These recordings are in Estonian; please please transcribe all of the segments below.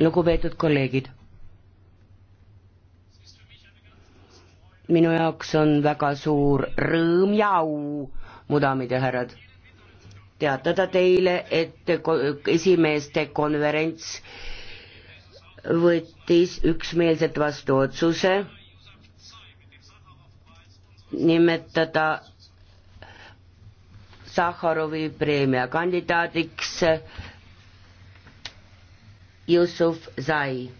lugupeetud kolleegid. minu jaoks on väga suur rõõm ja au, mu daamid ja härrad, teatada teile, et esimeeste konverents võttis üksmeelselt vastu otsuse nimetada Sahharovi preemia kandidaadiks Jusuf Zai.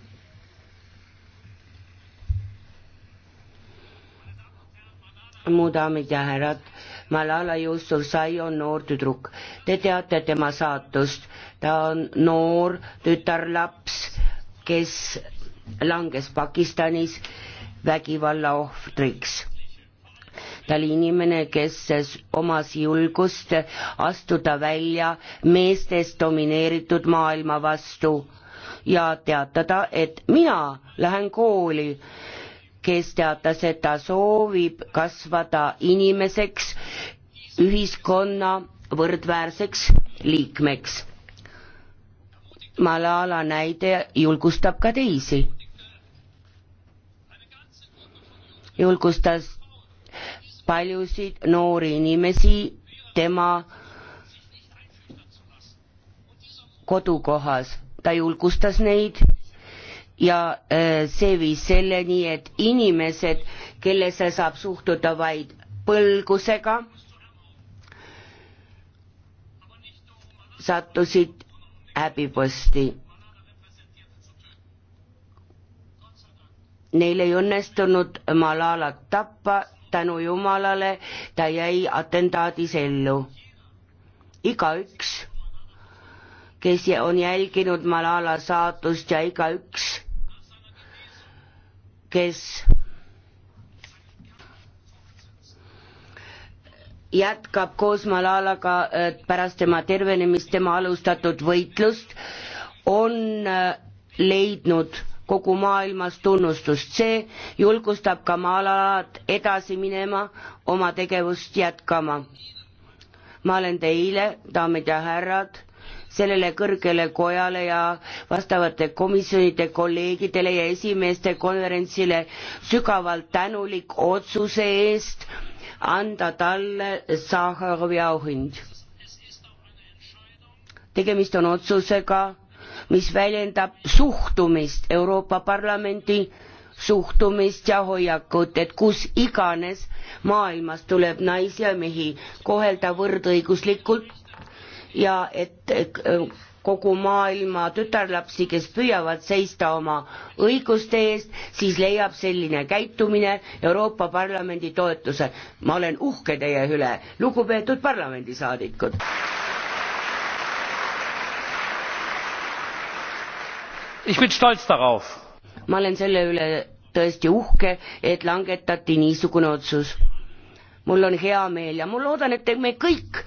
mu daamid ja härrad, Malala Yousafzai on noor tüdruk. Te teate tema saatust, ta on noor tütarlaps, kes langes Pakistanis vägivalla ohvriks. ta oli inimene, kes omas julgust astuda välja meestest domineeritud maailma vastu ja teatada, et mina lähen kooli, kes teatas, et ta soovib kasvada inimeseks, ühiskonna võrdväärseks liikmeks. Malala näide julgustab ka teisi. julgustas paljusid noori inimesi tema kodukohas ta julgustas neid ja äh, see viis selleni, et inimesed, kellesse saab suhtuda vaid põlgusega, sattusid häbiposti. Neil ei õnnestunud Malalat tappa, tänu Jumalale ta jäi atentaadis ellu. igaüks kes on jälginud Malala saatust ja igaüks, kes jätkab koos Malalaga pärast tema tervenemist tema alustatud võitlust, on äh, leidnud kogu maailmas tunnustust, see julgustab ka Malalat edasi minema, oma tegevust jätkama. ma olen teile, daamid ja härrad sellele kõrgele kojale ja vastavate komisjonide kolleegidele ja esimeeste konverentsile sügavalt tänulik otsuse eest anda talle Sahharovi auhind. tegemist on otsusega, mis väljendab suhtumist Euroopa Parlamendi suhtumist ja hoiakut, et kus iganes maailmas tuleb naisi ja mehi kohelda võrdõiguslikult ja et kogu maailma tütarlapsi, kes püüavad seista oma õiguste eest, siis leiab selline käitumine Euroopa Parlamendi toetuse. ma olen uhke teie üle, lugupeetud parlamendisaadikud. ma olen selle üle tõesti uhke, et langetati niisugune otsus. mul on hea meel ja ma loodan, et me kõik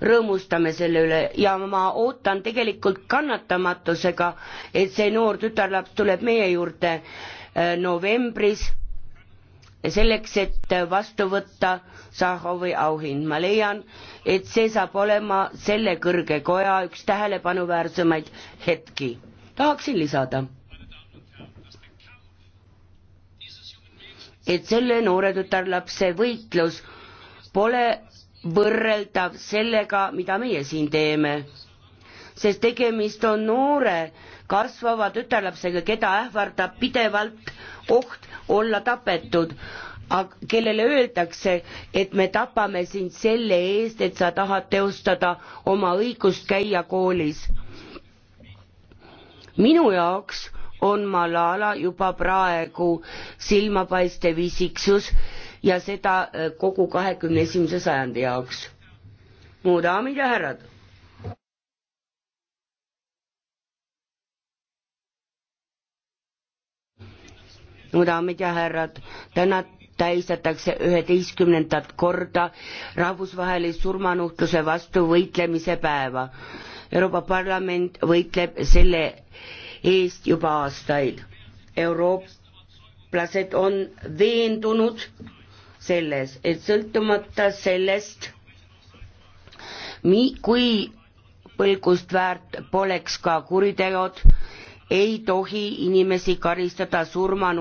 rõõmustame selle üle ja ma ootan tegelikult kannatamatusega, et see noor tütarlaps tuleb meie juurde äh, novembris selleks, et vastu võtta Sahhovi auhind. ma leian, et see saab olema selle kõrge koja üks tähelepanuväärsemaid hetki. tahaksin lisada, et selle noore tütarlapse võitlus pole võrreldav sellega, mida meie siin teeme. sest tegemist on noore kasvava tütarlapsega, keda ähvardab pidevalt oht olla tapetud, kellele öeldakse, et me tapame sind selle eest, et sa tahad teostada oma õigust käia koolis. minu jaoks on Malala juba praegu silmapaistev isiksus, ja seda äh, kogu kahekümne esimese sajandi jaoks. mu daamid ja härrad. mu daamid ja härrad, täna tähistatakse üheteistkümnendat korda rahvusvahelist surmanuhtluse vastu võitlemise päeva. Euroopa Parlament võitleb selle eest juba aastaid. eurooplased on veendunud, selles, et sõltumata sellest, mi-, kui põlgust väärt poleks ka kuriteod, ei tohi inimesi karistada surma